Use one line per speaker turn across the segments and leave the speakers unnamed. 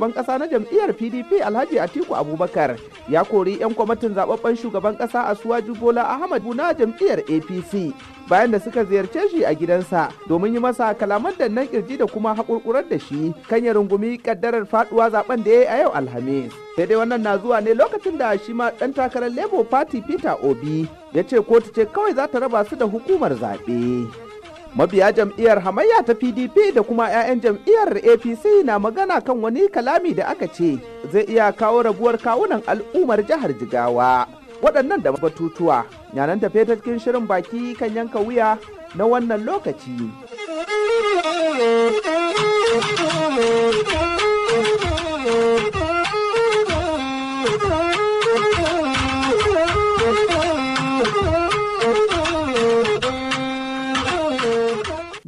shugaban kasa na jam'iyyar pdp alhaji atiku abubakar ya kori 'yan kwamitin zababben shugaban kasa a suwaju bola ahmad na jam'iyyar apc bayan da suka ziyarce shi a gidansa domin yi masa kalaman da nan kirji da kuma haƙurƙurar da shi kan ya rungumi kaddarar faduwa zaben da ya yi a yau alhamis sai dai wannan na zuwa ne lokacin da shi ma ɗan takarar labour party peter obi ya ce kotu ce kawai za ta raba su da hukumar zaɓe mabiya jam'iyyar hamayya ta pdp da kuma 'ya'yan jam'iyyar apc na magana kan wani kalami da aka ce zai iya kawo rabuwar kawunan al'ummar jihar jigawa waɗannan da batutuwa yanan tafe cikin shirin baki kan yanka wuya na
wannan lokaci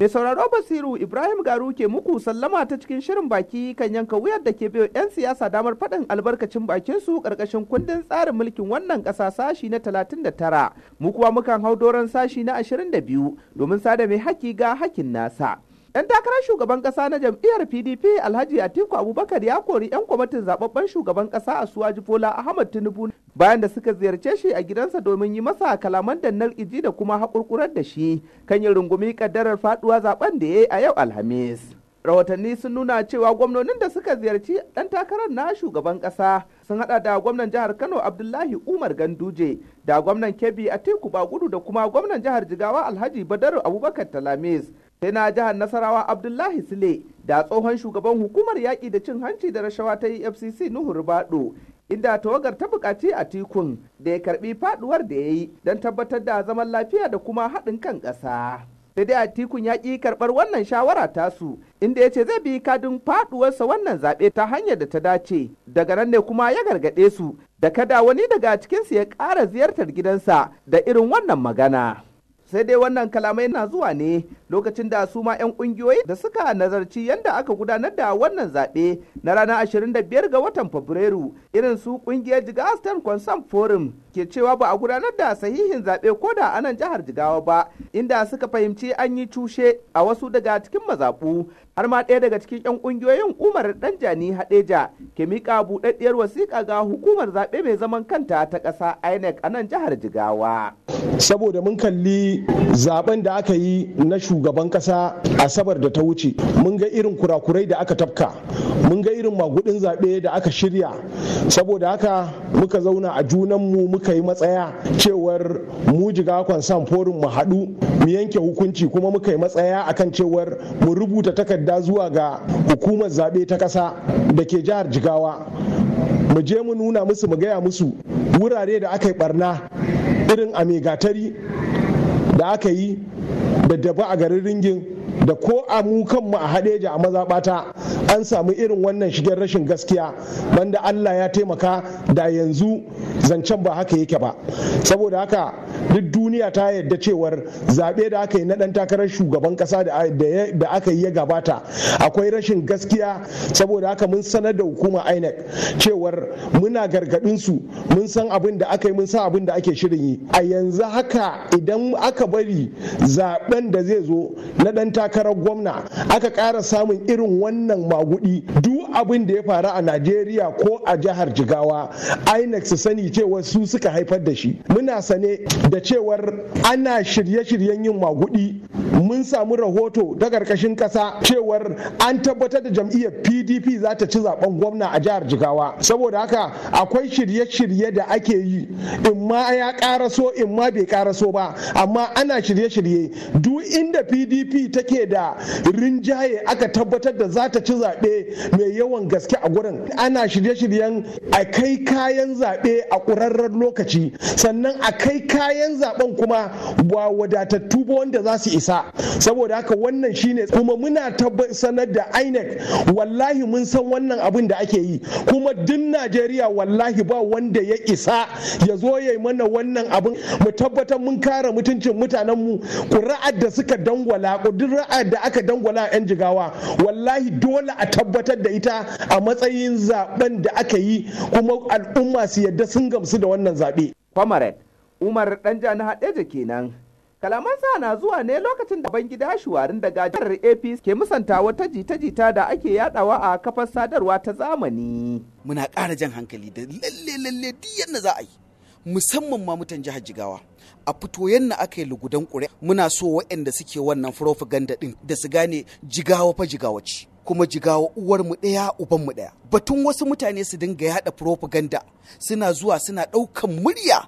Mai sauraro Basiru Ibrahim Garu ke muku sallama ta cikin shirin baki kan yanka wuyar da ke biyo 'yan siyasa damar faɗin albarkacin bakin su ƙarƙashin kundin tsarin mulkin wannan ƙasa sashi na 39. Mu kuwa mukan hau doron sashi na 22 domin sada mai haƙi ga hakin nasa. Ɗan takarar shugaban ƙasa na jam'iyyar PDP Alhaji Atiku Abubakar ya kori 'yan kwamitin zababben shugaban ƙasa a Suwaji Bola Ahmad Tinubu bayan da suka ziyarce shi a gidansa domin yi masa kalaman dannar iji da kuma haƙurƙurar da shi kan yin rungumi kaddarar faɗuwa zaben da ya yi a yau Alhamis. Rahotanni sun nuna cewa gwamnonin da suka ziyarci ɗan takarar na shugaban ƙasa sun haɗa da gwamnan jihar Kano Abdullahi Umar Ganduje da gwamnan Kebbi Atiku Bagudu da kuma gwamnan jihar Jigawa Alhaji Badaru Abubakar Talamis sai na jihar nasarawa abdullahi sule da tsohon shugaban hukumar yaƙi da cin hanci da rashawa ta efcc nuhu rubado inda tawagar ta buƙaci a tikun da ya karɓi faɗuwar da ya yi don tabbatar da zaman lafiya da kuma haɗin kan ƙasa sai dai tikun ya ƙi karɓar wannan shawara tasu inda ya ce zai bi kadin faɗuwarsa wannan zaɓe ta hanyar da ta dace daga nan ne kuma ya gargaɗe su da kada wani daga cikinsu ya ƙara ziyartar gidansa da irin wannan magana sai dai wannan kalamai na zuwa ne lokacin da su ma 'yan kungiyoyi da suka nazarci yadda aka gudanar da wannan zaɓe na ranar 25 ga watan Fabrairu irin su kungiyar jigastan State Concern Forum ke cewa ba a gudanar da sahihin zaɓe ko da anan jihar Jigawa ba inda suka fahimci an yi cushe a wasu daga cikin mazaɓu har ma ɗaya daga cikin 'yan ƙungiyoyin umar ɗanjani haɗeja ke miƙa buɗaɗɗiyar wasiƙa ga hukumar zaɓe mai zaman kanta ta ƙasa inec
a nan jihar jigawa saboda mun kalli zaɓen da aka yi na shu. shugaban kasa asabar da ta wuce mun ga irin kurakurai da aka tafka mun ga irin magudin zaɓe da aka shirya saboda haka muka zauna a junanmu muka yi matsaya cewar mu jiga kwansan forum mu haɗu mu yanke hukunci kuma muka yi matsaya akan cewar mu rubuta takarda zuwa ga hukumar zaɓe ta ƙasa da ke jihar jigawa mu je mu nuna musu mu gaya musu wurare da aka yi barna irin a megatari da aka yi da daba a garin ringin da ko a mu kanmu a hadeja a mazaɓata an samu irin wannan shigen rashin gaskiya banda allah ya taimaka da yanzu zancen ba haka yake ba saboda haka duk duniya ta yarda cewar zaɓe da aka yi na ɗan takarar shugaban ƙasa da aka yi ya gabata akwai rashin gaskiya saboda haka mun sanar da hukuma inec cewar muna gargaɗin su mun san abin da aka yi mun san abin da ake shirin yi a yanzu haka idan aka bari zaɓen da zai zo na ɗan takarar gwamna aka ƙara samun irin wannan magudi duk abin da ya faru a najeriya ko a jihar jigawa inec su sani cewa su suka haifar da shi muna sane da cewar ana shirye-shiryen yin maguɗi mun samu rahoto da ƙarƙashin ƙasa cewar an tabbatar da jam'iyyar pdp za ta ci zaɓen gwamna a jihar jigawa saboda haka akwai shirye-shirye da ake yi in ma ya ƙaraso in ma bai ƙaraso ba amma ana shirye-shirye duk inda pdp take da rinjaye aka tabbatar da za ta ci zaɓe mai yawan gaske a gurin ana shirye-shiryen a kai kayan zaɓe a ƙurarren lokaci sannan a kai kayan bayan zaben kuma ba wadatattu ba wanda za su isa saboda haka wannan shine kuma muna sanar da INEC wallahi mun san wannan abin da ake yi kuma duk Najeriya wallahi ba wanda ya isa ya zo ya yi mana wannan abin mu tabbatar mun kare mutuncin mutanen mu ƙuri'ar da suka dangwala ƙuri'ar da aka dangwala yan jigawa wallahi dole a tabbatar da ita a matsayin zaben da aka yi kuma al'umma su yadda sun gamsu da wannan zaɓe.
Comrade Umar ɗan haɗe haɗeja kenan. kalaman sa na zuwa ne lokacin da ban gida Shuwarin daga jihar APC ke musanta wata jita-jita da ake yadawa a kafar
sadarwa ta zamani. Muna ƙara jan hankali da lalle lalle yadda za a yi. Musamman ma mutan jihar Jigawa. A fito yadda aka yi lugudan ƙure muna so wa'anda suke wannan furofaganda ɗin da su gane jigawa fa jigawa ce. kuma jigawa uwarmu ɗaya ubanmu ɗaya batun wasu mutane su dinga yada propaganda suna zuwa suna ɗaukan murya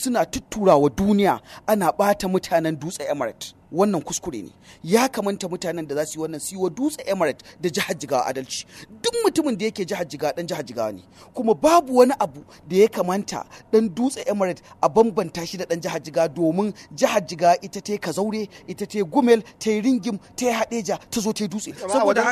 suna tuturawa duniya ana ɓata mutanen dutse emirate wannan kuskure ne ya kamanta mutanen da za su yi wannan siwa dutse emirate da jihar jigawa adalci duk mutumin da yake jihar jigawa dan jihar jigawa ne kuma babu wani abu da ya kamanta dan dutse emirate a bambanta shi da dan jihar jigawa domin jihar jigawa ita ta kazaure ita ta gumel ta ringim ta haɗeja ta zo ta dutse saboda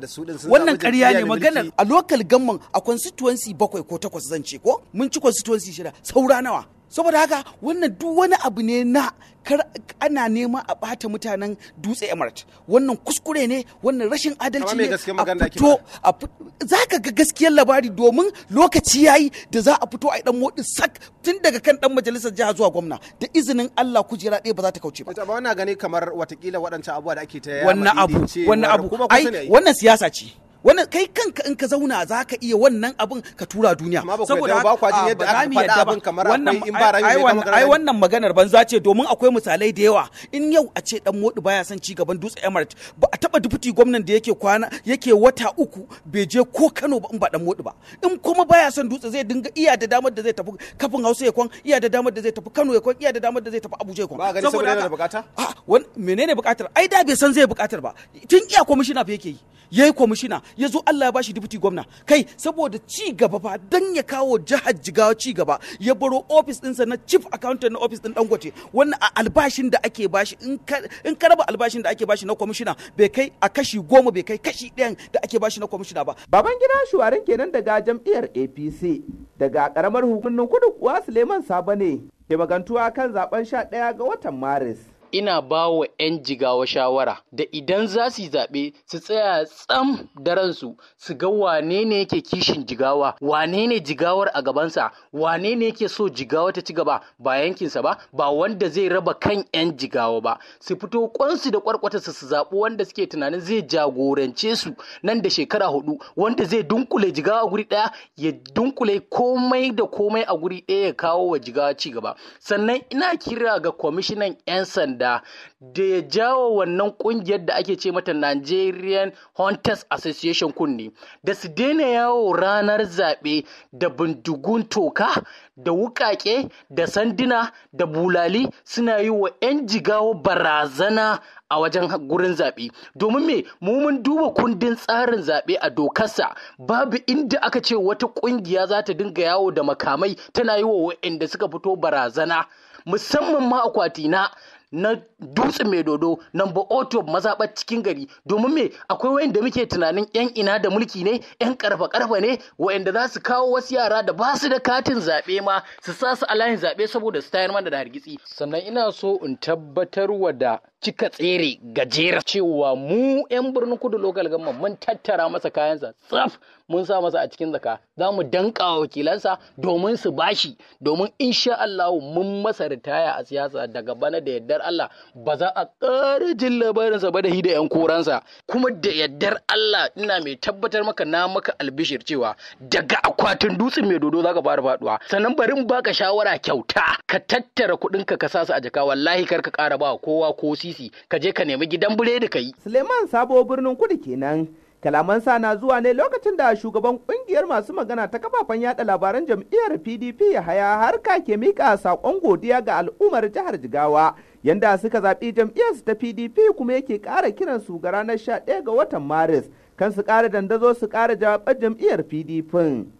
da su wannan ƙarya ne maganar
a lokal gamman a constituency bakwai ko takwas zan ce ko mun ci constituency shida saura nawa saboda haka wannan duk wani abu ne na kar ana neman a bata mutanen dutse emirate wannan kuskure ne wannan rashin adalci ne a fito za ka ga gaskiyar labari domin lokaci yayi da za a fito a yi dan motsi sak tun daga kan dan majalisar jiha zuwa gwamna da izinin Allah kujera ɗaya ba za ta kauce ba ba wannan gani kamar watakila waɗancan da ake ta wannan abu wannan abu ai wannan siyasa ce wani kai kanka in ka zauna za ka iya wannan abin ka tura duniya saboda ba kwa jin yadda aka faɗa abin kamar akwai in ba rami ai wannan maganar banza ce domin akwai misalai da yawa in yau a ce dan modu baya son ci gaban dutse emirate ba a taba dubuti gwamnan da yake kwana yake wata uku bai je ko Kano ba in ba dan modu ba in kuma baya son dutse zai dinga iya da damar da zai tafi kafin Hausa ya kwan iya da damar da zai tafi Kano ya kwan iya da damar da zai tafi Abuja ya kwan saboda yana da bukata menene bukatar ai da bai san zai bukatar ba tun iya kwamishina fa yake yi yayi kwamishina ya zo Allah ya bashi deputy gwamna kai saboda ci gaba fa dan ya kawo jihar jigawa ci gaba ya baro office ɗinsa na chief accountant na office ɗin dangote wannan a albashin da ake bashi in ka raba albashin da ake bashi na kwamishina bai kai a kashi goma bai kai kashi ɗayan da ake bashi na kwamishina ba. baban gida shuwarin kenan daga jam'iyyar apc daga karamar hukumar
kudu kuwa suleiman sabo ne ke magantuwa kan zaben 11 ga watan maris.
ina ba wa 'yan jigawa shawara da idan za su yi zaɓe su tsaya tsam da ransu su ga wane ne yake kishin jigawa wane ne jigawar a gabansa wane ne yake so jigawa ta ci gaba ba yankinsa ba ba wanda zai raba kan 'yan jigawa ba su fito kwansu da kwarkwata su zaɓi wanda suke tunanin zai jagorance su nan da shekara hudu wanda zai dunkule jigawa guri ɗaya ya dunkule komai da komai a guri ɗaya ya kawo wa jigawa ci gaba sannan ina kira ga kwamishinan 'yan sanda ta'adda da ya jawo wannan kungiyar da ake ce mata Nigerian Hunters Association kunne da su daina yawo ranar zaɓe da bindigun toka da wukake da sanduna da bulali suna yi wa 'yan jigawa barazana a wajen gurin zaɓe domin me mu mun duba kundin tsarin zaɓe a dokarsa babu inda aka ce wata ƙungiya za ta dinga yawo da makamai tana yi wa wa'inda suka fito barazana musamman ma akwati na na dutsen mai dodo number oto bar cikin gari domin me akwai da muke tunanin yan ina da mulki ne yan karfa karfa ne wayanda za su kawo wasu yara da ba su da katin zaɓe ma su sa su a layin zaɓe saboda su tayar mana da hargitsi sannan ina so in tabbatar wa da cika tsere gajera cewa mu yan birnin kudu local government mun tattara masa kayansa tsaf mun sa masa a cikin zaka za mu wa wakilansa domin su bashi domin insha Allah mun masa ritaya a siyasa daga bana da yaddar Allah ba za a ƙara jin labarinsa ba da hi da yan koransa kuma da yaddar Allah ina mai tabbatar maka na maka albishir cewa daga akwatin dutsen mai dodo zaka fara faduwa sannan bari baka shawara kyauta ka tattara kuɗinka ka sa su a jaka wallahi kar ka ƙara ba kowa ko sisi ka je ka nemi gidan biredi ka yi
Suleiman sabo birnin kudu kenan kalaman sa na zuwa ne lokacin da shugaban kungiyar masu magana ta kafafen yada labaran jam'iyyar pdp ya haya harka ke mika saƙon godiya ga al'ummar jihar jigawa yanda suka zaɓi jam'iyyarsu ta pdp kuma yake ƙara kiran su ga ranar 11 ga watan maris kan su kara dandazo su kara jawabar jam'iyyar pdp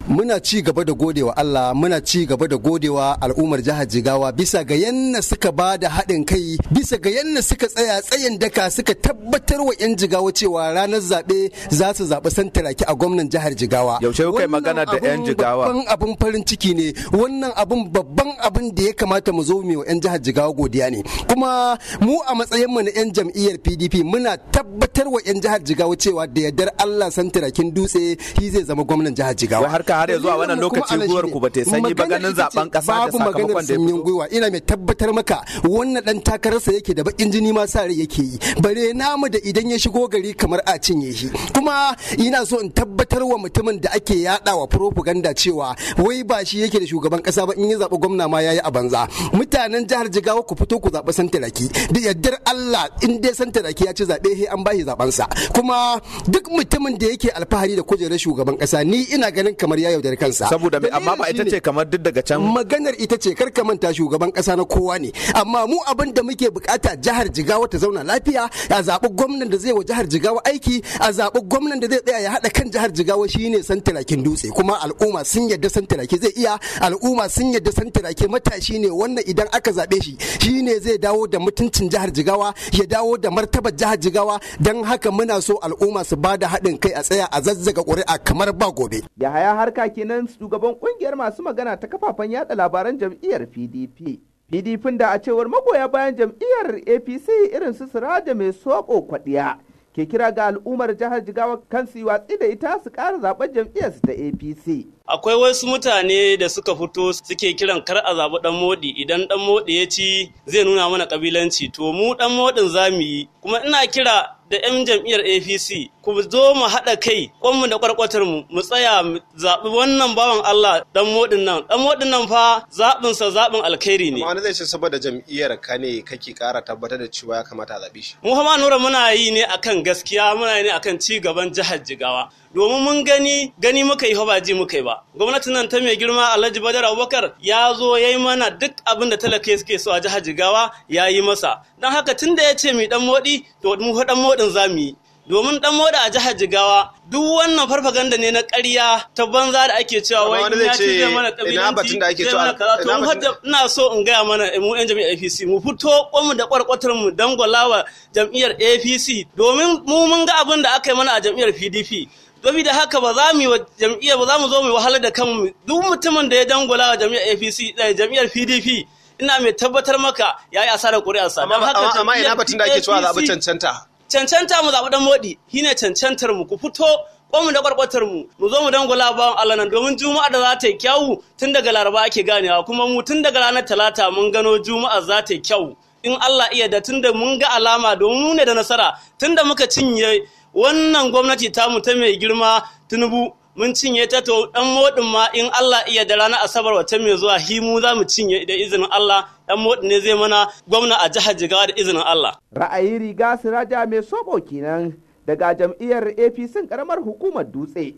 muna ci gaba da godewa allah muna ci gaba da godewa al'ummar jihar jigawa bisa ga yanna suka ba da haɗin kai bisa ga yanna suka tsaya tsayin daka suka tabbatar wa 'yan jigawa cewa ranar zaɓe za su zaɓi santaraki a gwamnan jihar jigawa yaushe kai magana da 'yan jigawa wannan abun farin ciki ne wannan abun babban abun da ya kamata mu zo mu wa 'yan jihar jigawa godiya ne kuma mu a matsayin mu na 'yan jam'iyyar pdp muna tabbatar wa 'yan jihar jigawa cewa da yardar kamar Allah tirakin dutse shi zai zama gwamnan jihar Jigawa har ka har zuwa wannan lokaci guwar ku bata sanyi ba ganin zaben
kasa da sakamakon da ya
gwiwa ina mai tabbatar maka wannan dan takararsa yake da bakin jini ma sa rai yake yi bare namu da idan ya shigo gari kamar a cinye shi kuma ina so in tabbatar wa mutumin da ake yada wa propaganda cewa wai ba shi yake da shugaban kasa ba in ya zaɓi gwamna ma yayi a banza mutanen jihar Jigawa ku fito ku zaɓi tiraki. da yardar Allah in dai tiraki ya ci zaɓe he an bashi zaben sa kuma duk mutumin da yake alfahari da kujerar shugaban kasa ni ina ganin kamar ya yaudari kansa saboda mai amma ba ita ce kamar duk daga can maganar ita ce kar ka manta shugaban kasa na kowa ne amma mu abin da muke bukata jihar Jigawa ta zauna lafiya a zaɓi gwamnan da zai wa jihar Jigawa aiki a zaɓi gwamnan da zai tsaya ya hada kan jihar Jigawa shine santirakin Dutse kuma al'umma sun yadda santirake zai iya al'umma sun yadda santirake matashi ne wannan idan aka zaɓe shi shine zai dawo da mutuncin jihar Jigawa ya dawo da martabar jihar Jigawa don haka muna so al'umma su bada da haɗin kai a tsaya a
zazzaga ƙuri'a kamar ba gobe. Yahaya harka kenan shugaban ƙungiyar masu magana ta kafafen yada labaran jam'iyyar PDP. PDP da a cewar magoya bayan jam'iyyar APC irin su Siraja mai soɓo kwaɗiya. Ke kira ga al'ummar jihar Jigawa kan su watsi da ita su ƙara zaɓen su ta APC.
Akwai wasu mutane da suka fito suke kiran kar a zaɓi ɗan moɗi idan ɗan moɗi ya ci zai nuna mana ƙabilanci to mu ɗan moɗin za mu yi kuma ina kira da 'yan jam'iyyar apc ku zo mu haɗa kai kwanmu da kwarkwatar mu mu tsaya mu zaɓi wannan bawan allah dan moɗin nan dan moɗin nan fa zaɓinsa zaɓin alkhairi ne wani zai ce saboda jam'iyyar ka ne kake ƙara tabbatar da cewa
ya kamata a zaɓi shi
mu kuma nura muna yi ne akan gaskiya muna yi ne akan ci gaban jihar jigawa domin mun gani gani muka yi ba ji muka yi ba gwamnatin nan ta mai girma Alhaji Badar Abubakar ya zo ya yi mana duk abin da talakai suke so a jihar Jigawa ya yi masa don haka tun da ya ce mu dan moɗi to mu dan moɗin za mu yi domin dan moɗi a jihar Jigawa duk wannan farfaganda ne na ƙarya ta banza da ake cewa wai ya ce mana ƙabilanci, zai mana kaza to mu ina so in gaya mana mu yan jami'ar APC mu fito kwamu da kwarkwatar mu dangwalawa jam'iyyar APC domin mu mun ga abin da aka yi mana a jam'iyyar PDP da haka ba za mu yi jam'iyyar ba za mu zo mu wahalar da kanmu duk mutumin da ya dangula wa jam'iyyar APC eh, jam'iyyar PDP ina mai tabbatar maka ya yi asarar ƙuri'ar sa. Amma ina batun da ake cewa zaɓi cancanta. Cancanta mu zaɓi ɗan moɗi shi ne cancantar mu ku fito mu da ƙwarƙwatar mu mu zo mu dangula bawan Allah nan domin juma'a da za ta yi kyawu tun daga laraba ake ganewa kuma mu tun daga ranar talata mun gano juma'a za ta yi kyawu in Allah iya da tun da mun ga alama domin mu ne da nasara tun da muka cinye wannan gwamnati ta ta mai girma tinubu mun cinye ta to dan modin ma in Allah iya da ranar asabar wata mai zuwa himu za mu cinye da izinin Allah dan modin ne zai mana gwamna a jihar Jigawa da izinin Allah
ra'ayi riga siraja mai soko kenan daga jam'iyyar APC karamar hukumar dutse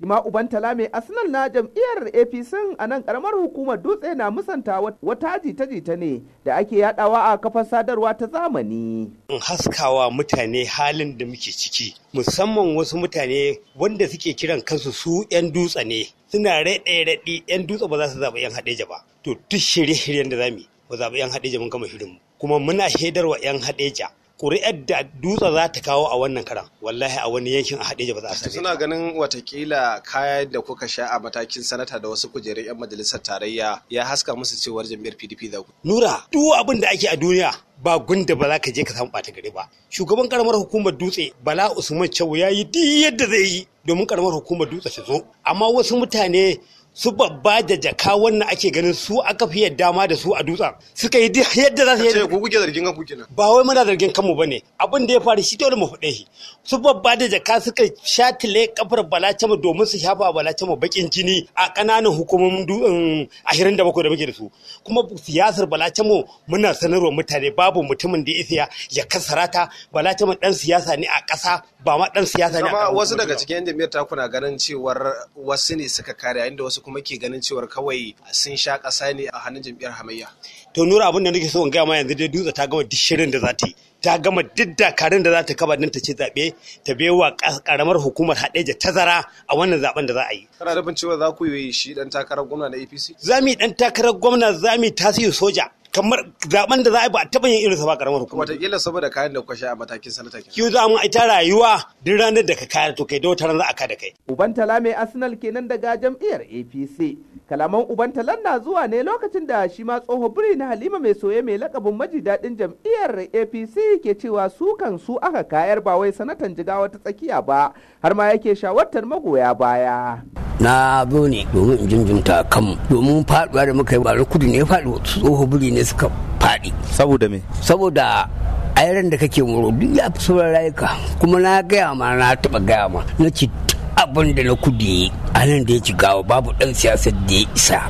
shi ma uban tala mai arsenal na jam'iyyar apc a nan karamar hukumar dutse na musanta wata jita-jita ne da ake yadawa a kafar sadarwa ta zamani
in haskawa mutane halin da muke ciki musamman wasu mutane wanda suke kiran kansu su 'yan dutse ne suna raɗe-raɗi 'yan dutse ba za su zaɓi 'yan haɗeja ba to duk shirye-shiryen da yi ba zaɓi 'yan haɗeja mun kama shirin kuma muna wa 'yan haɗeja ƙuri'ar da dutse za ta kawo a wannan karan wallahi a wani yankin a haɗe ba za a sani suna
ganin watakila kayan da kuka sha a matakin sanata da wasu kujerun 'yan majalisar tarayya ya haska musu cewar jam'iyyar pdp za
nura duk abin da ake a duniya ba gunda ba za ka je ka samu ɓata gari ba shugaban karamar hukumar dutse bala usman cewa ya yi duk yadda zai yi domin karamar hukumar dutse ta zo amma wasu mutane su babba da jaka wannan ake ganin su aka fi yadda ma da su a dutsen suka yi duk yadda za su yi ku kuke zargin kanku kenan ba wai muna zargin kanmu bane abin da ya faru shi dole mu faɗe shi su babba da jaka suka shatile kafar balacama domin su shafa balacama bakin jini a kananan hukumomin dutsen um, 27 da muke da su kuma siyasar balacama muna sanarwa mutane babu mutumin da ya ya kasarata balacama dan siyasa ne a ƙasa ba ma dan siyasa ne amma wasu daga
cikin yan jami'ar ta kuna ganin cewar wasu ne suka kare inda wasu kuma ke ganin cewar kawai sun sha ƙasa ne a hannun jami'ar hamayya
to nura abin da nake so in gaya ma yanzu dai dutse ta gama dishirin da za ta ta gama duk dakarun da za ta kaba nan ta ce zaɓe ta wa karamar hukumar da tazara a wannan zaben da za a yi.
Kana nufin cewa za ku yi shi ɗan takarar gwamna na APC?
Za mu yi ɗan takarar gwamna za mu yi tasiri soja. kamar zaben da za a yi ba a taɓa yin irinsa ba karamar hukuma. Wataƙila saboda kayan da kuka sha a matakin sanata kenan. Kiyu za mu ita rayuwa duk ranar da ka kayar to kai da wata ranar aka da kai.
Uban tala mai Arsenal kenan daga jam'iyyar APC. Kalaman uban talan na zuwa ne lokacin da shi ma tsoho biri na Halima mai soye mai lakabin maji daɗin jam'iyyar APC ke cewa su kan su aka kayar ba wai sanatan jigawa ta tsakiya ba har ma yake shawartar magoya baya.
Na zo ne domin in jinjinta kanmu domin faɗuwa da muka yi ba kudu ne faɗuwa tsoho biri ne ne suka faɗi saboda me saboda ayaran da kake muro duk ya fi sauran rayuka kuma na gaya ma na taɓa gaya ma na ci abin da na kudi a nan da ya ci gawa babu ɗan siyasar da ya isa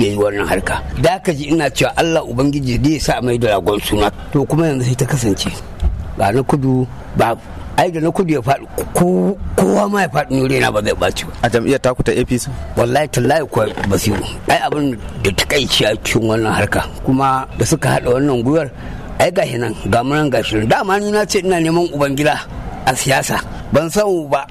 ya yi wannan harka da ka ji ina cewa allah ubangiji zai sa mai da ragon suna to kuma yanzu sai ta kasance ga na kudu babu ai da na kudu ya faɗi kowa ma ya faɗi nure na ba zai ɓaci a jam'iyyar taku ta apc wallahi tallahi kuwa basiru ai abin da ta kai shi a cikin wannan harka kuma da suka haɗa wannan gwiwar ai gashi nan ga munan gashi nan dama ni na ce ina neman ubangida a siyasa ban samu ba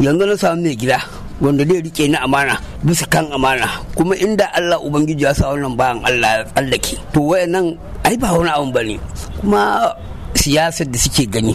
yanzu na samu mai gida wanda zai rike ni amana bisa kan amana kuma inda Allah ubangiji ya sa wannan bayan Allah ya tsallake to wayannan ai ba wani ba bane kuma siyasar da suke gani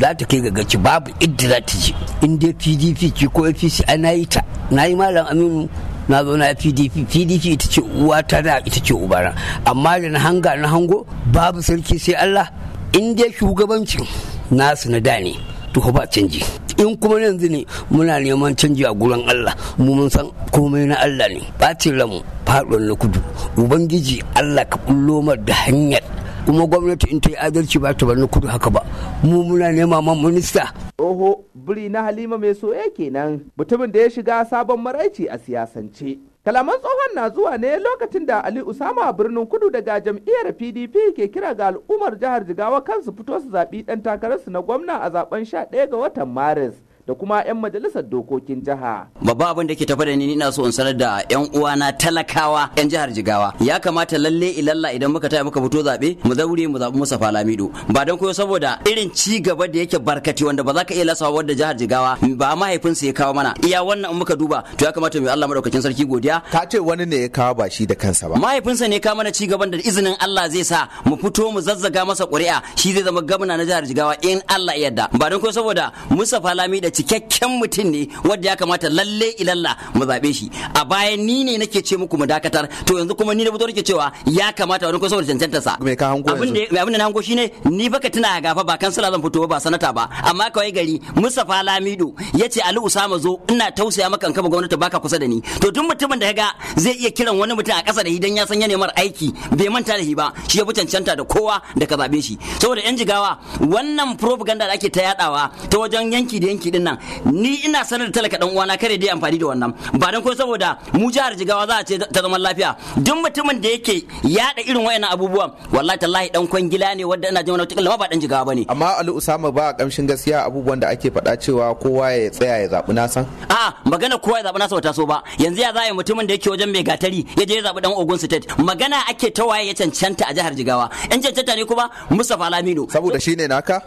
za ta kai ga babu idda za ta ji in dai pdp ki ko apc ana yi ta na yi malam aminu na zo na pdp pdp ita ce uwa ta da ita ce ubara amma da na hanga na hango babu sarki sai allah in dai shugabancin nasu na da ne to ba canji in kuma yanzu ne muna neman canji a gurin Allah mu mun san komai na Allah ne bacin lamu faɗuwar na kudu ubangiji Allah ka kullo da hanyar kuma gwamnati in ta yi adalci ba ta bani kudu haka ba mu muna nema ma minista oho biri na halima mai soya kenan
mutumin da ya shiga sabon maraici a siyasance kalaman tsohon na zuwa ne lokacin da ali usama a birnin kudu daga jam'iyyar pdp ke kira ga al'ummar jihar jigawa kansu fito su zaɓi ɗan takararsu na gwamna a zaben 11 ga watan maris da kuma 'yan majalisar dokokin jiha.
Babba abin da ke tafa da ni ina so in sanar da 'yan uwana talakawa 'yan jihar Jigawa. Ya kamata lalle ilalla idan muka taya muka fito zaɓe mu zaure mu zaɓi Mustapha Lamido. Ba don koyo saboda irin ci gaba da yake barkati wanda ba za ka iya lasawa wadda jihar Jigawa ba mahaifinsa ya kawo mana. Iya wannan in muka duba to ya kamata mu Allah madaukakin sarki godiya. Ka ce wani ne ya kawo ba shi da kansa ba. Mahaifinsa ne kawo mana ci gaban da izinin Allah zai sa mu fito mu zazzaga masa ƙuri'a shi zai zama gwamna na jihar Jigawa in Allah ya yarda. Ba don koyo saboda Mustapha Lamido cikakken mutum ne wanda ya kamata lalle ilalla mu zabe shi a bayan ni ne nake ce muku mu dakatar to yanzu kuma ni da fito nake cewa ya kamata wani saboda cancanta sa me ka yanzu abin da na hango shine ni baka tuna gafa ba kansila zan fito ba sanata ba amma kawai gari Mustafa Lamido yace Ali Usama zo ina tausaya maka kama gwamnati baka kusa da ni to duk mutumin da kaga zai iya kiran wani mutum a kasa da idan ya san ya nemar aiki bai manta da shi ba shi ya fi cancanta da kowa da ka zaɓe shi saboda yan jigawa wannan propaganda da ake ta yadawa ta wajen yanki da yanki din nan ni ina sanar da talaka dan uwana kare dai amfani da wannan ba dan ko saboda mu jihar Jigawa za a ce ta zaman lafiya duk mutumin da yake yada irin wayannan abubuwan wallahi tallahi dan kwangila ne wanda ina jin wata ba dan Jigawa
bane amma Ali Usama ba kamshin gaskiya abubuwan da ake faɗa cewa kowa ya tsaya ya zabi nasa
a magana kowa ya zabi nasa wata so ba yanzu ya zai mutumin da yake wajen mai gatari ya je ya zabi dan Ogun State magana ake ta waye ya cancanta a jihar Jigawa in cancanta ne kuma Mustafa Lamino saboda shine naka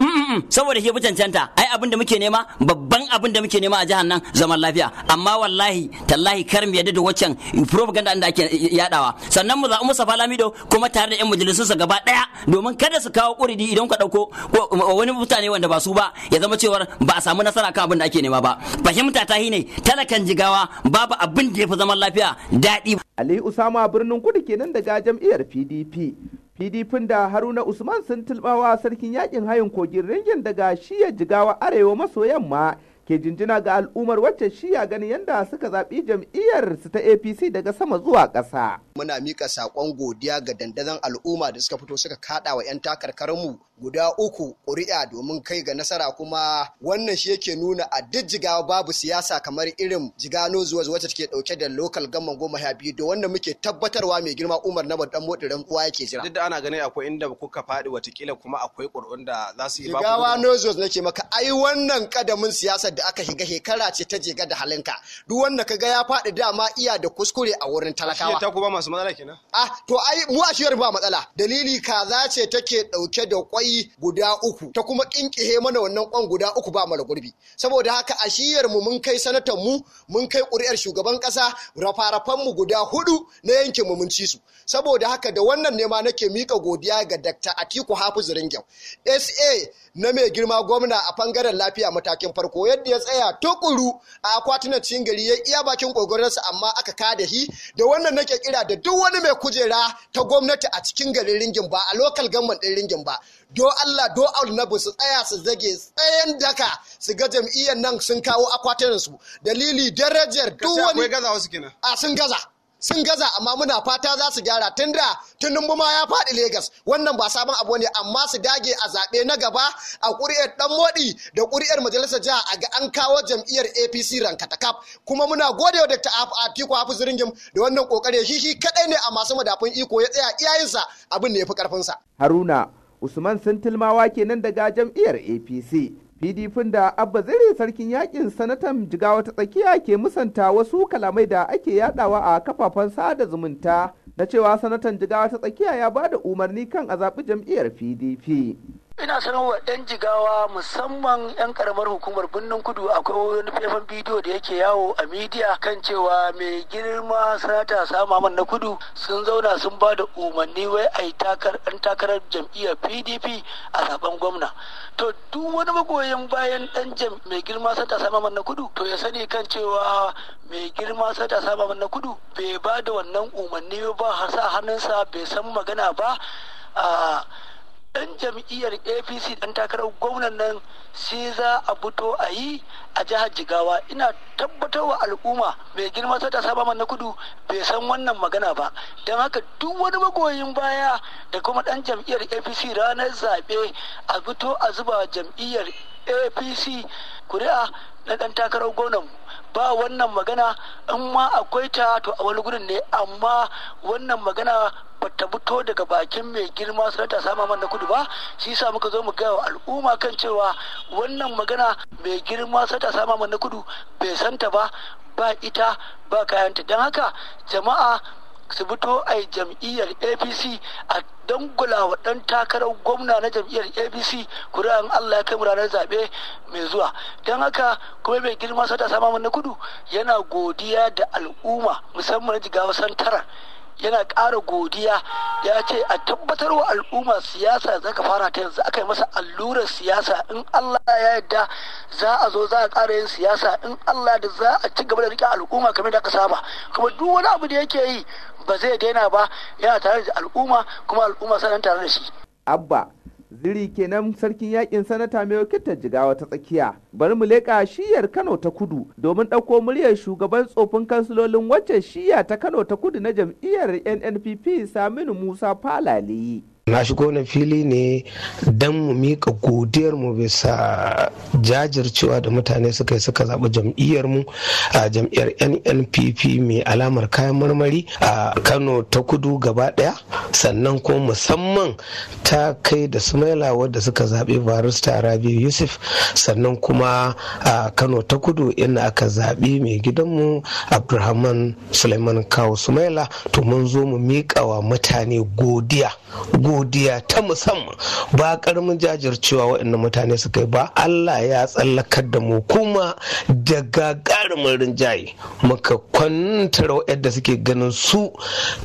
saboda shi ya cancanta ai abin da muke nema babban abin da muke nema a jihar nan zaman lafiya amma wallahi tallahi kar mu yadda da waccan propaganda da ake yadawa sannan mu mu safa Lamido kuma tare da yan majalisunsa gaba daya domin kada su kawo kuridi idan ka dauko wani mutane wanda ba su ba ya zama cewar ba a samu nasara kan abin da ake nema ba fahimta ta ne talakan jigawa babu abin da ya fi zaman lafiya daɗi Ali Usama birnin kudu
kenan daga jam'iyyar PDP pdp da haruna usman sun tilbawa sarkin yakin hayan kogin ringin daga shiya jigawa arewa maso yamma ke jinjina ga al'ummar wacce shiya gani yadda suka zaɓi jam'iyyar su ta apc daga sama zuwa ƙasa muna mika
sakon godiya ga dandazon al'umma da suka fito suka kaɗawa wa 'yan takarkarmu guda uku ƙuri'a domin kai ga nasara kuma wannan shi yake nuna a duk jigawa babu siyasa kamar irin jigano zuwa zuwa take dauke da lokal gamman goma sha biyu da wanda muke tabbatarwa mai girma umar na dan motsi kuwa uwa yake jira duk
da ana ganin akwai inda kuka faɗi watakila kuma akwai ƙur'un da za su yi ba jigawa nozos
nake maka ai wannan kadamin siyasar da aka shiga shekara ce ta jiga da halinka duk wanda ka ga ya faɗi dama iya da kuskure a wurin talakawa su matsala kenan ah to ai mu a shiyar ba matsala dalili kaza ce take dauke da kwai guda uku ta kuma kinkihe mana wannan kwan guda uku ba mara gurbi saboda haka a shiyar mu mun kai sanatar mu mun kai ƙuri'ar shugaban ƙasa rafarafan mu guda hudu na yankin mu mun ci su saboda haka da wannan ne nema nake mika godiya ga Dr. Atiku Hafiz Ringel SA na mai girma gwamna a bangaren lafiya matakin farko yadda ya tsaya tukuru a akwatunan cin gari ya iya bakin sa, amma aka kada shi da wannan nake kira da duk wani mai kujera ta gwamnati a cikin garin ringin ba a lokal gamman ɗin ringin ba do Allah do annabi su tsaya su zage tsayen daka su ga jam'iyyar nan sun kawo akwatirinsu dalili darajar duk wani a sun gaza sun gaza amma muna fata za su gyara tunda tunin ma ya faɗi Legas wannan ba sabon abu ne amma su dage a zaɓe na gaba a ƙuri'ar ɗan moɗi da ƙuri'ar majalisar jiha a ga an kawo jam'iyyar APC rankata rankatakaf kuma muna gode wa Dr. Atiku Hafiz Ringim da wannan ƙoƙari shi shi kaɗai ne a masu madafun iko ya tsaya iyayensa abin da ya fi ƙarfinsa.
Haruna Usman Sintilmawa kenan daga jam'iyyar APC. pdp da abba zire sarkin yakin sanatan jigawa ta tsakiya ke musanta wasu kalamai da ake yadawa a kafafen sada zumunta na cewa sanatan jigawa ta tsakiya ya ba da umarni kan a zaɓi jam'iyyar pdp
ina sanarwa yan jigawa musamman yan karamar hukumar birnin kudu akwai wani faifan bidiyo da yake yawo a midiya kan cewa mai girma sanata man na kudu sun zauna sun ba da umarni wai a yi takarar jam'iyyar pdp a zaben gwamna to duk wani magoyin bayan dan jam mai girma sanata man na kudu to ya sani kan cewa mai girma sanata man na kudu bai ba da wannan umarni ba har sa hannunsa bai san magana ba a ah, Ɗan jam'iyyar apc ɗan takarar gwamnan nan sai za a fito a yi a jihar jigawa ina tabbatar wa al'umma mai girma ta saba na kudu bai san wannan magana ba don haka duk wani magoyin baya da kuma ɗan jam'iyyar apc ranar zaɓe a fito a zuba jam'iyyar apc kuri'a na ɗan takarar gwamnan ba wannan magana in ma akwai ta to a wani gurin ne amma wannan magana bata fito daga bakin mai girma su ta sama man na kudu ba shi sa muka zo mu gaya wa al'umma kan cewa wannan magana mai girma su ta sama man na kudu bai santa ba ba ita ba kayanta don haka jama'a su fito a jam'iyyar apc a dangula wa dan takarar gwamna na jam'iyyar apc kuri'an allah ya kai ranar zaɓe mai zuwa don haka kuma mai girma sata sama na kudu yana godiya da al'umma musamman jigawa santara yana ƙara godiya ya ce a tabbatar wa al'umma siyasa za ka fara ta yanzu aka yi masa allurar siyasa in Allah ya yadda za a zo za a ƙara yin siyasa in Allah da za a ci gaba da rike al'umma kamar da aka saba kuma duk wani abu da yake yi ba zai daina ba yana tare da al'umma kuma al'umma sanan tare da shi
abba ziri kenan sarkin yakin sanata mai wakiltar jigawa ta tsakiya bari mu leƙa shiyar kano ta kudu domin ɗauko muryar shugaban tsofin kansilolin wacce shiya ta kano ta kudu na jam'iyyar nnpp saminu musa falali
na shigo na fili ne don mu mika godiyar mu bisa jajircewa da mutane suka yi suka zaɓi jam'iyyar mu a jam'iyyar nnpp mai alamar kayan marmari a kano ta kudu gaba ɗaya sannan ko musamman ta kai da sumaila wadda suka zaɓi barista rabi yusuf sannan kuma a kano ta kudu inda aka zaɓi mai gidanmu abdulrahman suleiman kawo sumaila to mun zo mu mika wa mutane godiya godiya ta musamman ba karamin jajircewa waɗannan mutane suka yi ba Allah ya tsallakar da mu kuma daga gagarumin rinjaye muka kwantar waɗanda suke ganin su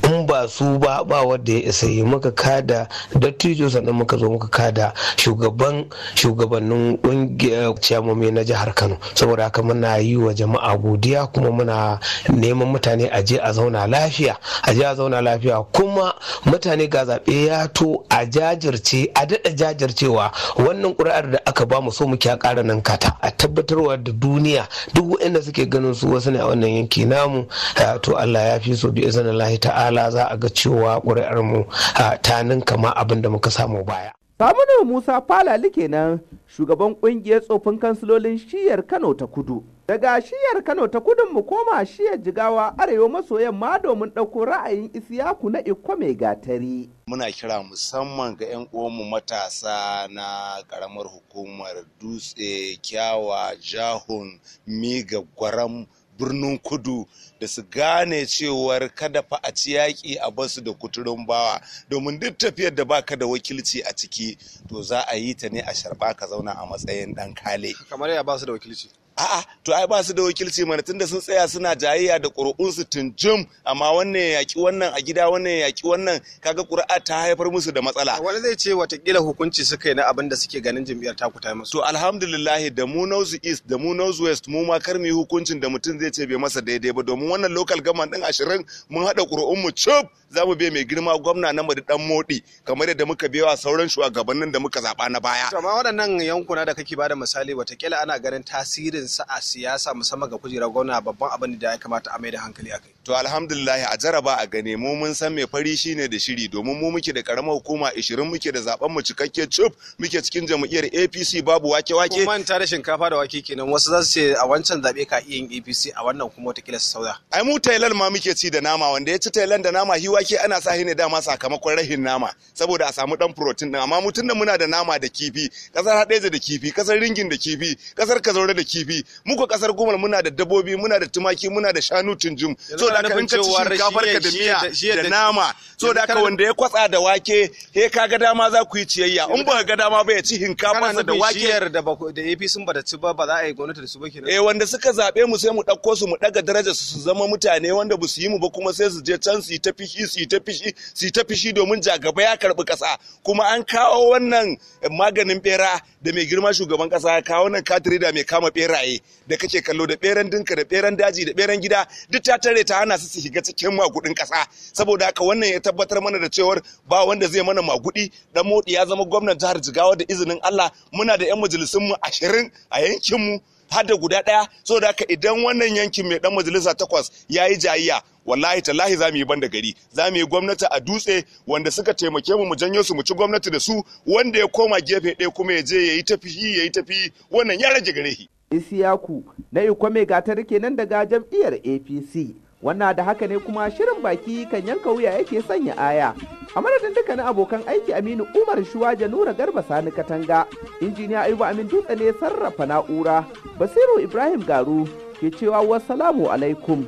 in ba su ba ba wadda ya isa yi muka kada dattijo sannan muka zo muka kada shugaban shugabannin ƙungiyar ciyamomi na jihar Kano saboda haka muna yi wa jama'a godiya kuma muna neman mutane a je a zauna lafiya a je a zauna lafiya kuma mutane ga zaɓe ya to so a jajirce a daɗa jajircewa wannan ƙuri'ar da aka ba mu so muke a ƙara nan kata a tabbatarwa da duniya duk waɗanda suke ganin su wasu ne a wannan yanki namu eh, to Allah ya fi so bi izinin Allah ta'ala za a ga cewa ƙuri'ar mu ah, ta ninka ma abin da muka samu baya.
Saminu Musa Falali kenan shugaban kungiyar tsofin kansilolin shiyar Kano ta kudu. Daga shiyar Kano ta kudun mu koma shiyar jigawa arewa maso yamma domin ɗauko ra'ayin isiyaku na iko mai gatari.
Muna kira musamman ga 'yan uwanmu matasa na karamar hukumar dutse kyawa jahun miga gwaram birnin kudu da su gane cewar kada fa a ci yaƙi a basu da kuturin bawa domin duk tafiyar da baka da wakilci a ciki to za a yi ta ne a sharba ka zauna a matsayin dan kale
kamar ya basu da wakilci a'a to ai ba su da wakilci mana
tunda sun tsaya suna jayayya da ƙuri'unsu tunjum amma wannan ya yaƙi wannan a gida wannan ya yaƙi wannan kaga ƙuri'a ta haifar musu da matsala wani zai ce watakila hukunci suka yi na abin da suke ganin jam'iyyar ta kuta musu to alhamdulillah da mu nose east da mu nose west mu ma kar mu yi hukuncin da mutum zai ce bai masa daidai ba domin wannan local government ɗin ashirin mun haɗa ƙuri'unmu cif za mu bai mai girma gwamna na madu dan moɗi kamar yadda muka biya sauran shugabannin da muka zaɓa na baya.
to amma waɗannan yankuna da kake bada misali watakila ana ganin tasiri sa'a a siyasa musamman ga kujerar gwamna babban abin da ya kamata a mai da hankali a kai
to alhamdulillah a jaraba a gane mu mun san mai fari shine da shiri domin mu muke da karamar hukuma 20 muke da zaben mu cikakke cuf muke cikin jam'iyyar
APC babu wake wake kuma manta da shinkafa da wake kenan wasu za su ce a wancan zabe ka iya yin APC a wannan kuma ta kilas sauya
ai mu tailan ma muke ci da nama wanda ya ci tailan da nama hi wake ana sa ne dama sakamakon rahin nama saboda a samu dan protein din amma mutun da muna da nama da kifi kasar Hadeja da kifi kasar Ringin da kifi kasar Kazaure da kifi muku kasar Gumal muna da dabbobi muna da tumaki muna da shanu tunjum so da aka in ka ci shinkafar ka da miya da nama so da aka wanda ya kwatsa da wake he ka ga dama za ku yi ciyayya in ba ga dama ba ya ci hinkafa da wake ciyar
da da yafi sun bada ci ba ba za a yi gwamnati da su ba kenan eh wanda suka zabe mu sai mu dauko
su mu daga daraja su su zama mutane wanda ba su yi mu ba kuma sai su je can su yi ta fishi su yi ta fishi su yi ta fishi domin jagaba ya karbi kasa kuma an kawo wannan maganin bera da mai girma shugaban kasa kawo nan katire da mai kama beraye da kake kallo da beren dinka da beren daji da beren gida duk ta tare ta hana su su shiga cikin magudin kasa saboda haka wannan ya tabbatar mana da cewar ba wanda zai mana magudi dan modi ya zama gwamnan jihar Jigawa da izinin Allah muna da yan majalisun mu 20 a yankin mu har da guda daya saboda haka idan wannan yankin mai dan majalisa takwas yi jayayya wallahi tallahi za mu yi banda gari za mu yi gwamnati a dutse wanda suka taimake mu mu janyo su mu ci gwamnati da su wanda ya koma gefe ɗaya kuma ya je ya yi tafi ya yi tafihi wannan ya rage gare
isiyaku na ikome gatar kenan daga jam'iyyar apc wannan da haka ne kuma shirin baki kan yanka wuya yake sanya aya a madadin dukkanin abokan aiki aminu umar shuwa janura garba sani katanga injiniya ayuba amin dutse ne sarrafa na'ura basiru ibrahim garu ke cewa wasu alaikum